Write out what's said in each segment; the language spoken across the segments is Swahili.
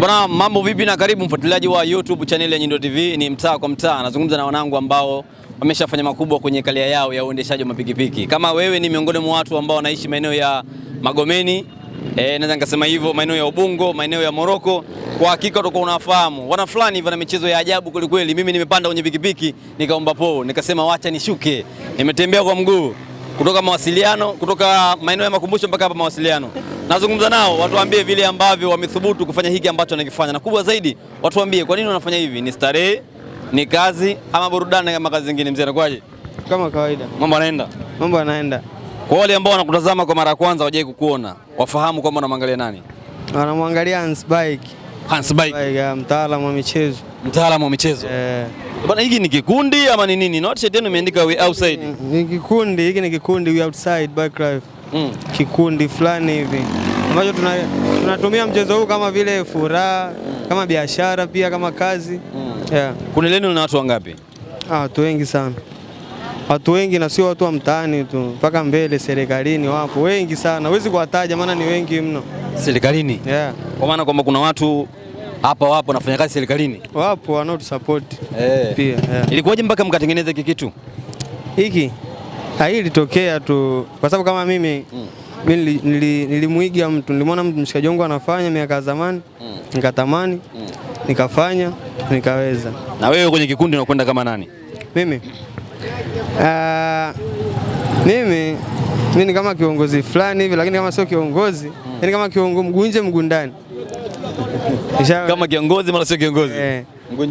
Bwana, mambo vipi na karibu mfuatiliaji wa YouTube channel ya Nyindo TV, ni mtaa kwa mtaa. Nazungumza na wanangu ambao wameshafanya makubwa kwenye kalia yao ya uendeshaji wa mapikipiki. Kama wewe ni miongoni mwa watu ambao wanaishi maeneo ya Magomeni, eh, naweza nikasema hivyo, maeneo ya Ubungo, maeneo ya Moroko, kwa hakika utakuwa unafahamu wana fulani hivyo na michezo ya ajabu kwelikweli. Mimi nimepanda kwenye pikipiki nikaomba poo, nikasema wacha nishuke, nimetembea kwa mguu kutoka mawasiliano, kutoka maeneo ya makumbusho mpaka hapa mawasiliano. Nazungumza nao watuambie vile ambavyo wamethubutu kufanya hiki ambacho wanakifanya, na kubwa zaidi watuambie kwa nini wanafanya hivi. Ni starehe, ni kazi ama burudani kama kazi zingine? Mzee anakwaje? Kama kawaida, mambo yanaenda, mambo yanaenda. Kwa wale ambao wanakutazama kwa mara ya kwanza, wajae kukuona, wafahamu kwamba wanamwangalia nani? Wanamwangalia Hans Bike, Hans Bike, mtaalamu wa michezo mtaalamu wa michezo eh. Bwana, hiki ni kikundi ama ni nini? Notishet yenu imeandika we outside. Ni kikundi hiki, ni kikundi we outside Barclife. Mm. Kikundi fulani hivi ambacho tunatumia tuna mchezo huu kama vile furaha, kama biashara pia kama kazi mm. yeah. Kuna leni na watu wangapi? Ah, watu wengi sana, watu wengi na sio watu wa mtaani tu, mpaka mbele serikalini wapo wengi sana, huwezi kuwataja maana ni wengi mno serikalini, yeah. Kwa maana kwamba kuna watu hapa wapo nafanya kazi serikalini, wapo wanaotusupport eh. Pia yeah. Ilikuwaje mpaka mkatengeneza hiki kitu hiki? Hii ilitokea tu kwa sababu kama mimi mm. Mimi nilimwiga mtu, nilimwona mtu mshikaji wangu anafanya miaka ya zamani mm. Nikatamani mm. Nikafanya nikaweza. Na wewe kwenye kikundi unakwenda kama nani? Mimi uh, mimi mimi ni kama kiongozi fulani hivi, lakini kama sio kiongozi mm. Yaani kama kiongozi mgunje mgundani kama kiongozi mara sio kiongozi eh,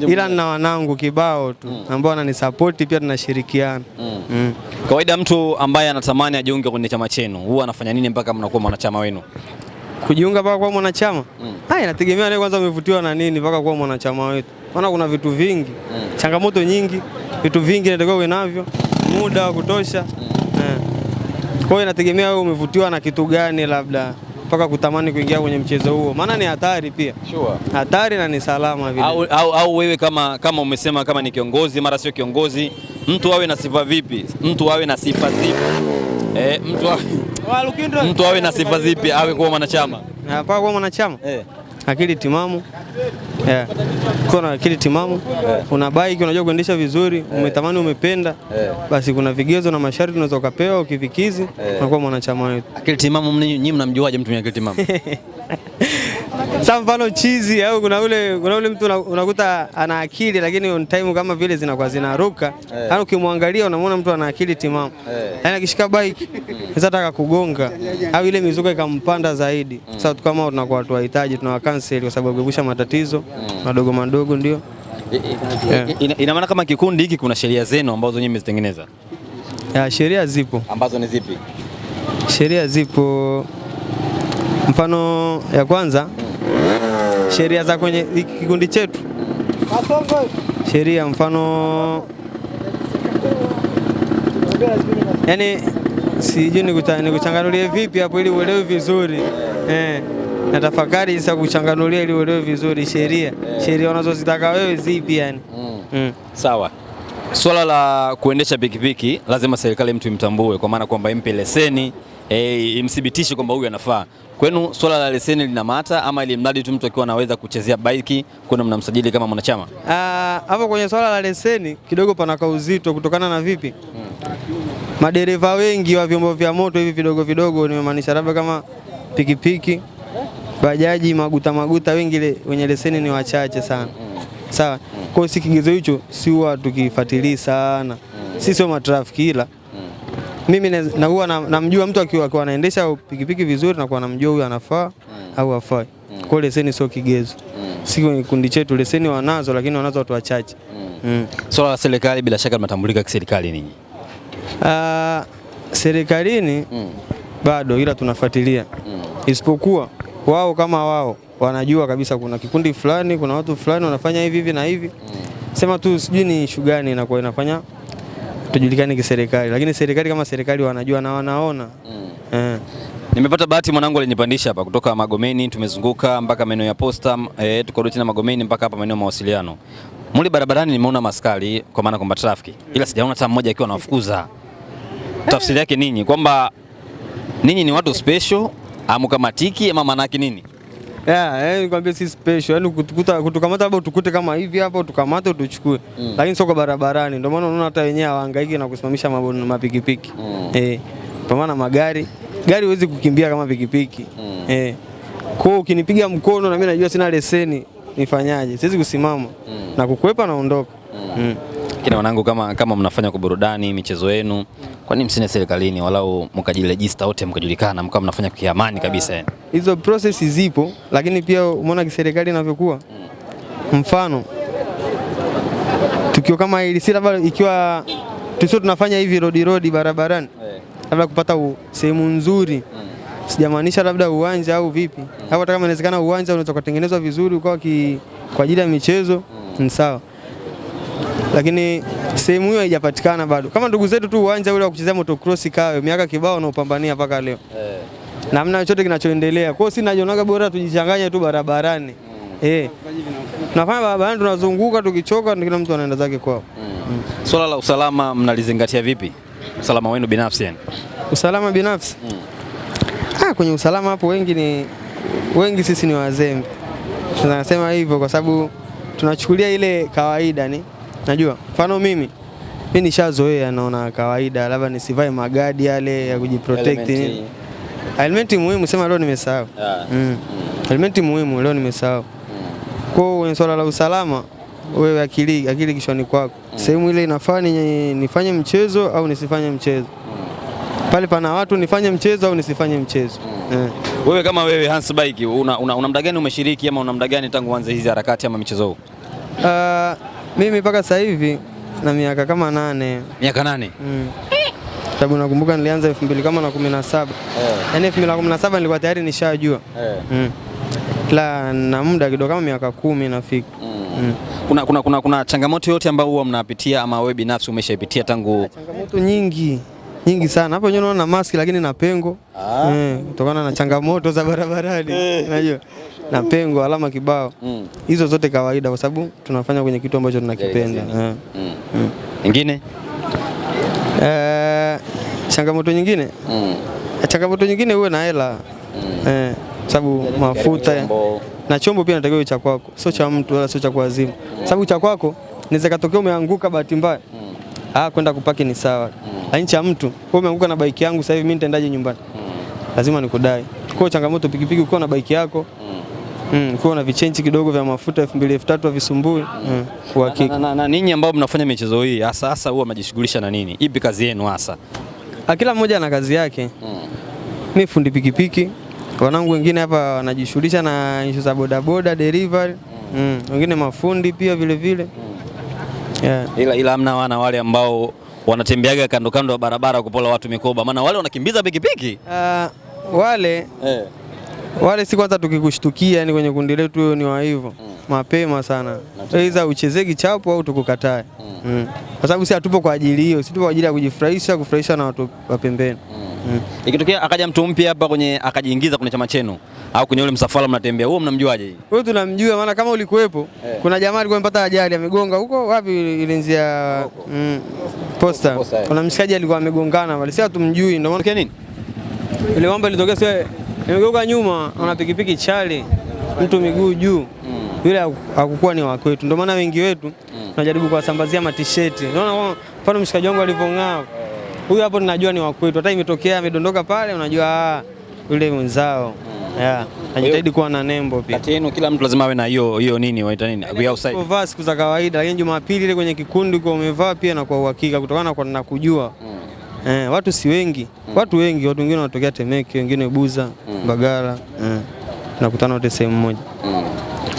ila na wanangu kibao tu mm. ambao wananisapoti pia tunashirikiana mm. mm. Kawaida mtu ambaye anatamani ajiunge kwenye chama chenu huwa anafanya nini mpaka mnakuwa mwanachama wenu? Kujiunga mpaka kuwa mwanachama mm. Haya, inategemea wewe kwanza umevutiwa na nini mpaka kuwa mwanachama wetu, maana kuna vitu vingi mm. changamoto nyingi, vitu vingi inatakiwa uwe navyo muda wa kutosha mm. eh. Kwa hiyo inategemea wewe umevutiwa na kitu gani labda mpaka kutamani kuingia kwenye mchezo huo, maana ni hatari pia. Sure. Hatari na ni salama vile. Au, au, au wewe kama, kama umesema kama ni kiongozi mara sio kiongozi, mtu awe na sifa vipi? Mtu awe na sifa zipi? Eh, mtu, awe, mtu awe na sifa zipi awe kuwa mwanachama? Hapa kuwa mwanachama Eh. akili timamu yeah. Ukiwa na akili timamu yeah. Una bike unajua kuendesha vizuri yeah. Umetamani umependa yeah. Basi kuna vigezo na masharti unaweza ukapewa, ukivikizi eh. unakuwa yeah. Mwanachama wetu. Akili timamu, nyinyi mnamjuaje mtu mwenye akili timamu? Sasa mfano chizi au kuna ule kuna ule mtu unakuta ana akili lakini on time kama vile zinakuwa zinaruka. Yaani ukimwangalia unamwona mtu ana akili timamu. Eh. Yaani akishika bike sasa taka kugonga au ile mizuka ikampanda zaidi. Mm. Sasa kama tunakuwa tuwahitaji tunawakanseli kwa sababu kuepusha matatizo mm. madogo madogo ndio. Eh. Ina maana kama kikundi hiki kuna sheria zenu ambazo nyinyi mmezitengeneza? Sheria zipo. Ambazo ni zipi? Sheria zipo, mfano ya kwanza sheria za kwenye kikundi chetu, sheria mfano, yani sijui nikuchanganulie vipi hapo ili uelewe vizuri eh. Na tafakari sasa kuchanganulia ili uelewe vizuri sheria sheria unazozitaka wewe zipi yani mm. Mm. Sawa. Swala la kuendesha pikipiki lazima serikali mtu imtambue, kwa maana kwamba impe leseni eh, imthibitishe kwamba huyu anafaa kwenu. Swala la leseni linamata ama ili mradi tu mtu akiwa anaweza kuchezea bike kwenu mnamsajili kama mwanachama? Ah, hapo kwenye swala la leseni kidogo pana uzito kutokana na vipi, hmm. madereva wengi wa vyombo vya moto hivi vidogo vidogo, nimemaanisha labda kama pikipiki, bajaji, maguta maguta, wengi le, wenye leseni ni wachache sana, hmm. sawa. Kwa hiyo si kigezo hicho si huwa tukifuatilia sana, Sisi sio matrafiki ila mimi na huwa namjua mtu akiwa anaendesha pikipiki vizuri, na namjua huyu anafaa mm. au afai. Mm. Kwa leseni sio kigezo, mm. si kwenye kikundi chetu. Leseni wanazo, lakini wanazo watu wachache. Swala la serikali, bila shaka linatambulika kiserikali ninyi ah, serikalini bado, ila tunafuatilia, isipokuwa wao kama wao wanajua kabisa kuna kikundi fulani, kuna watu fulani wanafanya hivi hivi na hivi, sema tu sijui ni shugani gani inakuwa inafanya tujulikane kiserikali, lakini serikali kama serikali wanajua na wanaona mm. eh. Nimepata bahati mwanangu alinipandisha hapa kutoka Magomeni, tumezunguka mpaka maeneo ya posta eh, tukarudi tena Magomeni mpaka hapa maeneo ya mawasiliano. Mule barabarani nimeona maskari kwa maana kwamba trafiki, ila sijaona hata mmoja akiwa anawafukuza. Tafsiri yake nini? Kwamba ninyi ni watu special amukamatiki ama maana yake nini? Eh, Nikwambia si special, yaani kutukuta kutukamata labda utukute kama hivi hapa, utukamate utuchukue, mm. lakini sio kwa barabarani. Ndio maana unaona hata wenyewe hawahangaiki na kusimamisha mapikipiki, kwa mm. eh, maana magari gari huwezi kukimbia kama pikipiki. Mm. Eh, kwa ukinipiga mkono na mimi najua sina leseni, nifanyaje? Siwezi kusimama na kukwepa, naondoka. Kina wanangu, kama, kama mnafanya kwa burudani michezo yenu, kwa nini msine serikalini walau mkajirejista wote mkajulikana mkawa mnafanya kwa amani kabisa? Ah, hizo process zipo, lakini pia umeona kiserikali inavyokuwa. Mfano tukio kama hili si labda ikiwa tusio tunafanya hivi rodi rodi barabarani, eh. labda kupata sehemu nzuri, mm. sijamaanisha labda uwanja au vipi, hapo. Mm. hata kama inawezekana uwanja unaweza kutengenezwa vizuri ukawa kwa ajili ya michezo mm. ni sawa lakini sehemu hiyo haijapatikana bado. Kama ndugu zetu tu, uwanja ule wa kuchezea motocross Kawe, miaka kibao wanaopambania mpaka leo eh. na mna chochote kinachoendelea. Kwa hiyo si najionaga bora tujichanganye tu barabarani mm. Eh. Tunafanya barabarani tunazunguka tukichoka kila mtu anaenda zake kwao. Mm. Swala la usalama mnalizingatia vipi? Usalama wenu binafsi yani. Usalama binafsi? Mm. Ah, kwenye usalama hapo wengi ni wengi sisi ni wazembe. Tunasema hivyo kwa sababu tunachukulia ile kawaida ni Najua mfano mimi mi nishazoea, naona kawaida, labda nisivae magadi yale ya kujiprotect. Helmeti muhimu, sema leo nimesahau. Helmeti ah. mm. muhimu leo nimesahau. Mm. Kwa hiyo swala la usalama, wewe akili akili kishwani kwako, mm. sehemu ile inafaa nifanye mchezo au nisifanye mchezo pale pana watu nifanye mchezo au nisifanye mchezo mm. Yeah. Wewe kama wewe Hans Bike una, una, una muda gani umeshiriki ama una muda gani tangu uanze hizi harakati ama michezo huu? Uh, mimi mpaka sasa hivi na miaka kama nane. Miaka nane? Mm. Sababu nakumbuka nilianza elfu mbili kama na kumi na saba. Eh. Yaani elfu mbili na kumi na saba nilikuwa tayari nishajua. Eh. Mm. La na muda kidogo kama miaka kumi nafika. Mm. Mm. Kuna, kuna, kuna, kuna changamoto yote ambayo huwa mnapitia ama wewe binafsi umeshaipitia tangu? Changamoto nyingi nyingi sana hapo, wenyewe naona na maski lakini na pengo ah. eh, kutokana na changamoto za barabarani eh. unajua na pengo alama kibao mm. hizo mm. zote kawaida, kwa sababu tunafanya kwenye kitu ambacho tunakipenda. Eh. Mm. Mm. Nyingine mm. eh, changamoto nyingine mm. changamoto nyingine uwe na hela mm. eh, sababu mafuta na chombo pia natakiwa cha kwako, sio cha mtu wala sio cha kuazima, sababu cha kwako inaweza katokea umeanguka bahati mbaya mm ah, kwenda kupaki ni sawa, hmm. Ainchi ya mtu kwa umeanguka na baiki yangu sasa hivi mimi nitaendaje nyumbani? Hmm. Lazima nikudai. Kwa changamoto pikipiki, ukiwa na baiki yako Mm, hmm, kwa na vichenji kidogo vya mafuta 2000 3000 elfu tatu mm, kwa hakika. Na, na, na, ninyi ambao mnafanya michezo hii hasa hasa huwa mnajishughulisha na nini? Ipi kazi yenu hasa? Ah, kila mmoja ana kazi yake mm. Mi fundi pikipiki, wanangu wengine hapa wanajishughulisha na issue za bodaboda delivery mm. Mm, wengine mafundi pia vilevile vile. Mm yeah. Ila, ila amna wana wale ambao wanatembeaga kando kando ya barabara kupola watu mikoba, maana wale wanakimbiza pikipiki uh, wale yeah. Wale si kwanza tukikushtukia, yani kwenye kundi letu ni wa hivyo mm. Mapema sana iza uchezee kichapo au tukukatae mm. Mm. Kwa sababu si hatupo kwa ajili hiyo, si tupo kwa ajili ya kujifurahisha, kufurahisha na watu wa pembeni mm. mm. Ikitokea akaja mtu mpya hapa kwenye akajiingiza kwenye chama chenu au kwenye ule msafara mnatembea, huo mnamjuaje? Huyo tunamjua, maana kama ulikuwepo eh. Kuna jamaa alikuwa amepata ajali amegonga huko wapi, ilianzia mm, posta, posta eh. Kuna mshikaji alikuwa amegongana bali sasa tumjui, ndio maana nini ile mambo ilitokea, sio imegeuka nyuma, ana pikipiki chali, mtu miguu juu mm. yule hakukuwa ni wakwetu, ndio maana wengi wetu mm. tunajaribu mm. kuwasambazia matisheti. Unaona, mfano mshikaji wangu alivyong'aa huyu hapo, ninajua ni wakwetu, hata imetokea amedondoka pale, unajua ah, yule mwenzao Yeah. Anajitahidi kuwa na nembo pia. Kati yenu kila mtu lazima awe na hiyo hiyo nini waita nini? Yaani we outside. Kuvaa siku za kawaida lakini Jumapili ile kwenye kikundi kwa umevaa pia na kwa uhakika kutokana kwa nakujua. Mm. Eh, watu si wengi. Mm. Watu wengi, watu wengine wanatokea Temeke, wengine Buza, mm. Mbagala. Eh. Nakutana wote sehemu moja. Mm.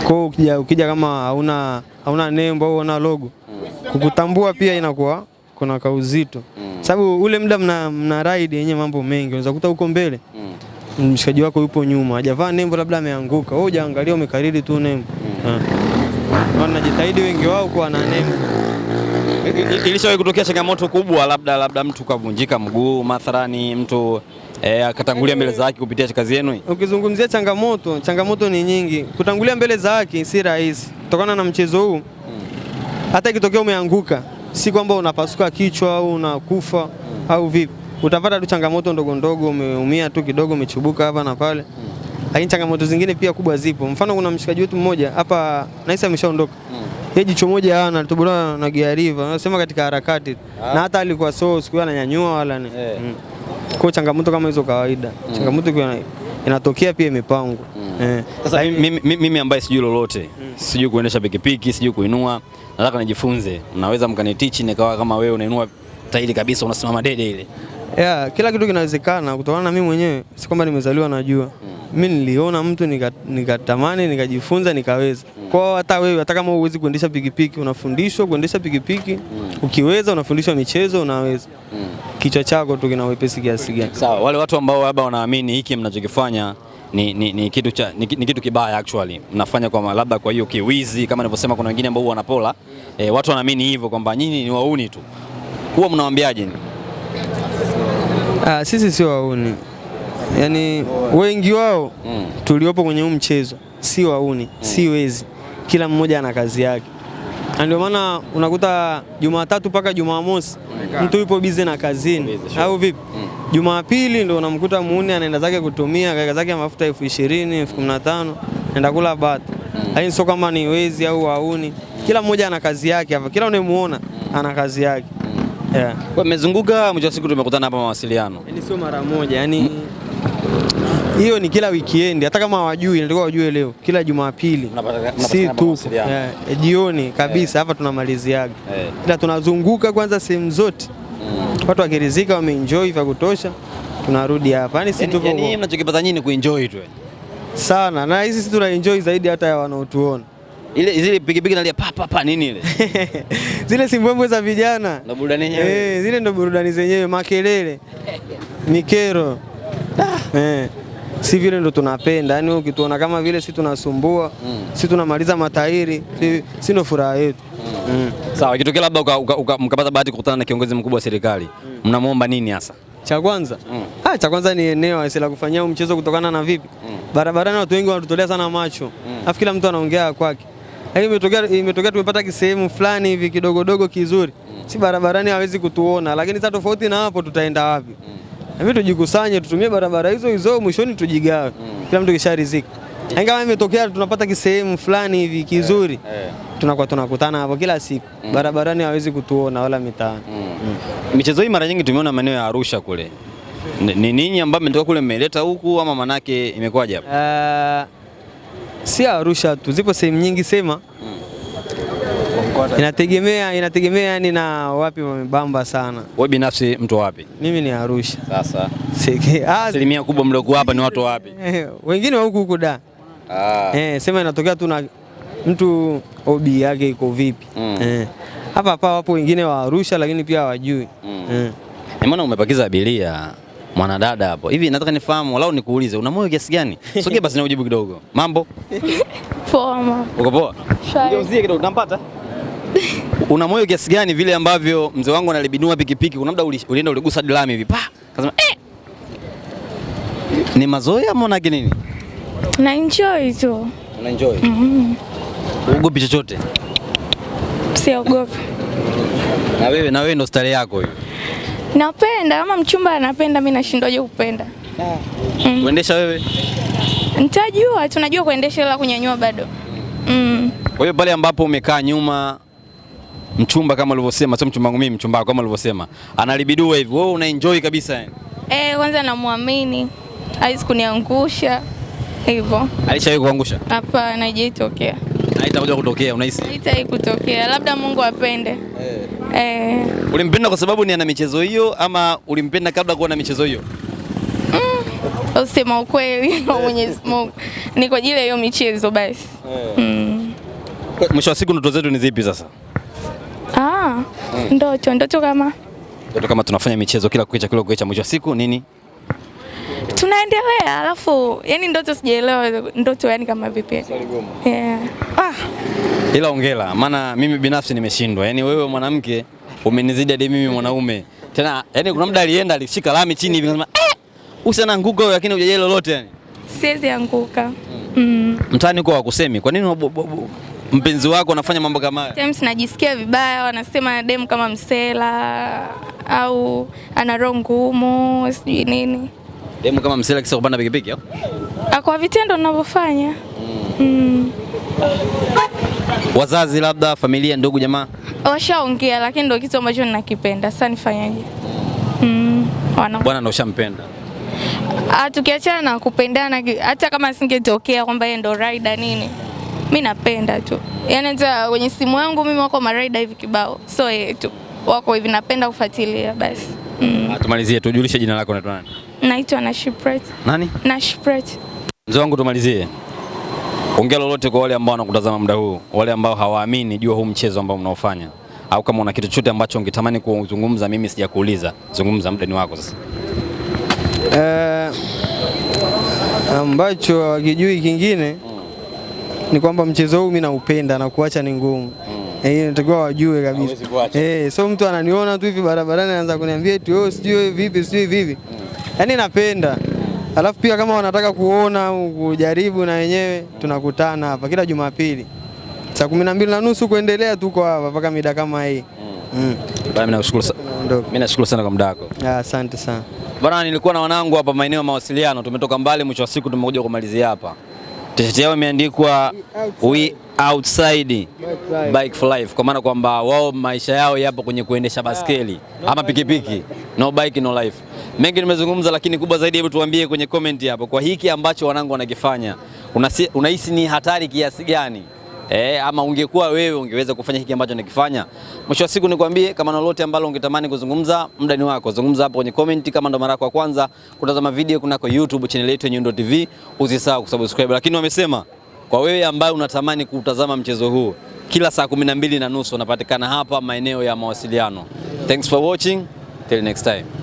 Kwa ukija, ukija kama hauna hauna nembo au una logo. Mm. Kukutambua pia inakuwa kuna kauzito. Mm. Sababu ule muda mna, mna ride yenye mambo mengi. Unaweza kuta huko mbele. Mm mshikaji wako yupo nyuma, hajavaa nembo, labda ameanguka, wewe hujaangalia, umekariri tu nembo. Hmm. Ah. Wanajitahidi wengi wao kuwa na nembo. Ilishawahi kutokea changamoto kubwa, labda labda mtu kavunjika mguu mathalani, mtu E, akatangulia mbele za haki kupitia kazi yenu. Ukizungumzia changamoto, changamoto ni nyingi. Kutangulia mbele za haki si rahisi kutokana na mchezo huu. Hmm. Hata ikitokea umeanguka, si kwamba unapasuka kichwa au unakufa hmm. au vipi utapata tu changamoto ndogo ndogo, umeumia tu kidogo, umechubuka hapa na pale, lakini changamoto zingine pia kubwa zipo. Mfano, kuna mshikaji wetu mmoja hapa naisa ameshaondoka hmm. yeye jicho moja hana tubolewa na Gia River, anasema katika harakati ah. Na hata alikuwa so siku ananyanyua wala ni hey. Eh. Mm. Kwa changamoto kama hizo kawaida mm. Changamoto kwa inatokea pia imepangwa mm. Eh. Sasa mimi, mimi ambaye sijui lolote mm. Sijui kuendesha pikipiki, sijui kuinua, nataka nijifunze, naweza mkanitichi nikawa kama wewe unainua tairi kabisa, unasimama dede ile Yeah, kila kitu kinawezekana kutokana na mimi mwenyewe, si kwamba nimezaliwa najua. Mm. niliona mtu nikatamani, nika nikajifunza, nikaweza. Mm. Kwa hata wewe hata kama huwezi kuendesha pikipiki, unafundishwa kuendesha pikipiki. Mm. Ukiweza unafundishwa michezo, unaweza. Mm. Kichwa chako tu kina wepesi kiasi gani. Sawa, wale watu ambao labda wanaamini hiki mnachokifanya ni, ni, ni, kitu cha, ni, ni kitu kibaya actually mnafanya kwa labda kwa hiyo kiwizi kama nilivyosema, kuna wengine ambao wanapola e, watu wanaamini hivyo kwamba nyinyi ni wauni tu, huwa mnawaambiaje? Ah, sisi sio wauni, yaani wengi wao mm. tuliopo kwenye huu mchezo si wauni mm. si wezi, kila mmoja ana kazi yake, na ndio maana unakuta Jumatatu mpaka Jumamosi mtu yupo bize na kazini au vipi mm. Jumapili ndio unamkuta muuni anaenda zake kutumia kaka zake mafuta elfu ishirini elfu kumi na tano naenda kula bata mm. lakini mm. sio kama ni wezi au wauni, kila mmoja ana kazi yake hapa, kila unayemuona mm. ana kazi yake yeah. Kwa nimezunguka, mwisho wa siku tumekutana hapa mawasiliano. Yaani sio mara moja, yani mm. hiyo ni kila weekend, hata kama hawajui inatakiwa wajue leo, kila Jumapili si tu eh, jioni kabisa hapa yeah. Tunamaliziaga yeah. Ila tunazunguka kwanza sehemu zote mm. Watu wakirizika wameenjoy vya kutosha, tunarudi hapa yani, si yaani- tupo. Yaani mnachokipata nyinyi ni kuenjoy tu sana, na hizi si tunaenjoy zaidi hata ya wanaotuona ile zile pikipiki nalia pa pa pa nini ile? Zile simbwembwe za vijana. Na burudani yenyewe. Eh, zile ndo burudani zenyewe makelele. Mikero. Ah, eh. Si vile ndo tunapenda. Yaani ukituona kama vile si tunasumbua, mm. si tunamaliza matairi, si, si ndo furaha yetu. Mm. Mm. Sawa, ikitokea labda mkapata bahati kukutana na kiongozi mkubwa wa serikali. Mm. Mnamwomba nini hasa? Cha kwanza mm. ah, cha kwanza ni eneo la kufanyia mchezo kutokana na vipi? Mm. Barabarani watu wengi wanatutolea sana macho. Alafu mm. kila mtu anaongea kwake. Yaani imetokea imetokea, tumepata kisehemu fulani hivi kidogodogo kizuri, si barabarani hawezi kutuona, lakini sasa tofauti na hapo tutaenda wapi? Hivi mm. tujikusanye, tutumie barabara hizo hizo, mwishoni tujigawe, mm. kila mtu kisharizika. Ingawa yaani imetokea tunapata kisehemu fulani hivi eh, kizuri yeah, yeah. Tunakuwa tunakutana hapo kila siku mm. Barabarani hawezi kutuona wala mitaani mm. mm. Michezo hii mara nyingi tumeona maeneo ya Arusha kule, ni ninyi ambao mmetoka kule mmeleta huku ama manake imekuwaje hapo? uh, si Arusha tu, zipo sehemu nyingi sema Inategemea, inategemea yani na wapi wamebamba sana. Wewe binafsi mtu wapi? Mimi ni Arusha. Sasa ah, asilimia kubwa mliokuwa hapa ni watu wapi? Eh, wengine wa huku huku da. Ah. Eh, sema inatokea tu na mtu obi yake iko vipi? Mm. Eh. Hapa hapa wapo wengine wa Arusha lakini pia hawajui. Mm. Eh. Ni maana umepakiza abiria mwanadada hapo. Hivi nataka nifahamu, walau nikuulize, una moyo kiasi gani? Sogea basi na ujibu kidogo. Mambo poa? Mama uko poa? Ngeuzie kidogo, tunampata una moyo kiasi gani vile ambavyo mzee wangu analibinua pikipiki, kuna muda ulienda uligusa dilami hivi pa, Kasema eh, ni mazoea ama unake nini? na enjoy tu. una enjoy? mm mm-hmm. Ugopi chochote? Siogopi. na wewe na wewe ndo stare yako hiyo Napenda kama mchumba anapenda, mimi nashindwaje kupenda? Ah. Mm. Kuendesha wewe? Nitajua, tunajua kuendesha ila kunyanyua bado. Mm. Kwa hiyo pale ambapo umekaa nyuma mchumba kama ulivyosema, sio mchumba wangu mimi, mchumba wako kama ulivyosema, analibidua hivi, wewe una enjoy kabisa yani? Eh, kwanza namwamini hawezi kuniangusha hivyo. Alishawahi kuangusha? Hapana, haijatokea. Haitakuja kutokea unahisi? Haitai kutokea, labda Mungu apende. Eh. Eh. Ulimpenda kwa sababu ni ana michezo hiyo ama ulimpenda kabla kuwa na michezo hiyo? Mm. Usema ukweli wa Mwenyezi Mungu. Ni kwa ajili ya hiyo michezo basi. Eh. Mm. Mwisho wa siku ndoto zetu ni zipi sasa? Ah, ndoto ndoto kama ndoto kama tunafanya michezo kila kukicha kila kukicha, mwisho wa siku nini? yeah, alafu yani ndoto sijaelewa ndoto yani kama vipi yeah. Ah. Ila ongela maana mimi binafsi nimeshindwa. Yaani wewe mwanamke umenizidi hadi mimi mwanaume tena. Yani kuna muda alienda alishika lami chini hivi akasema eh, usinaanguka wewe, lakini hujajali lolote yani. Siwezi anguka. Hmm. Mm. Mtani uko wakusemi, kwa nini mpenzi wako anafanya mambo kama haya? Times najisikia vibaya, wanasema demu kama msela au ana roho ngumu, sijui nini. Demu kama msela kisa kupanda pikipiki au? Ah, kwa vitendo ninavyofanya. Mm. Mm. Wazazi labda familia, ndugu, jamaa washaongea, lakini ndio kitu ambacho ninakipenda. Sasa nifanyaje? Mm. Bwana ndio ushampenda. Ah, tukiachana na kupendana, hata kama singetokea kwamba yeye ndo rider nini, mi napenda tu, yaani hata kwenye simu yangu mimi wako maraida hivi kibao, so yeye eh, tu wako hivi, napenda kufuatilia basi. Mm. Ah, tumalizie, tujulishe jina lako, na nani? Naitwa Nashipret. Nani? Nashipret. Mzee wangu tumalizie, ongea lolote kwa wale ambao wanakutazama muda huu, wale ambao hawaamini jua huu mchezo ambao mnaofanya, au kama una kitu chochote ambacho ungetamani kuzungumza, mimi sijakuuliza, zungumza, muda ni wako sasa. Eh, ambacho hawakijui kingine ni kwamba mchezo huu mimi naupenda na kuacha ni ngumu mm. Eh, natakiwa wajue kabisa. Eh, so mtu ananiona tu hivi barabarani anaanza kuniambia eti wewe oh, sijui vipi sijui vipi mm yaani napenda alafu pia kama wanataka kuona au kujaribu na wenyewe tunakutana hapa kila Jumapili saa kumi na mbili na nusu kuendelea, tuko hapa mpaka mida kama hii. Mm. mm. Mimi nashukuru sana kwa muda wako. Ah, asante sana bana, nilikuwa na wanangu hapa maeneo ya mawasiliano, tumetoka mbali, mwisho wa siku tumekuja kumalizia hapa. T-shirt yao imeandikwa we outside bike for life, kwa maana kwamba wao maisha yao yapo kwenye kuendesha baskeli ah, ama pikipiki. No bike no life. Mengi nimezungumza, lakini kubwa zaidi, hebu tuambie kwenye comment hapo, kwa hiki ambacho wanangu wanakifanya unahisi ni hatari kiasi gani? Eh, ama ungekuwa wewe ungeweza kufanya hiki ambacho nakifanya? Mwisho wa siku nikwambie, kama na lolote ambalo ungetamani kuzungumza, muda ni wako, zungumza hapo kwenye comment. Kama ndo mara yako ya kwanza kutazama video kunako YouTube channel yetu Nyundo TV, usisahau kusubscribe. Lakini wamesema kwa wewe ambaye unatamani kutazama mchezo huu kila saa kumi na nusu unapatikana hapa maeneo ya mawasiliano. Thanks for watching, till next time.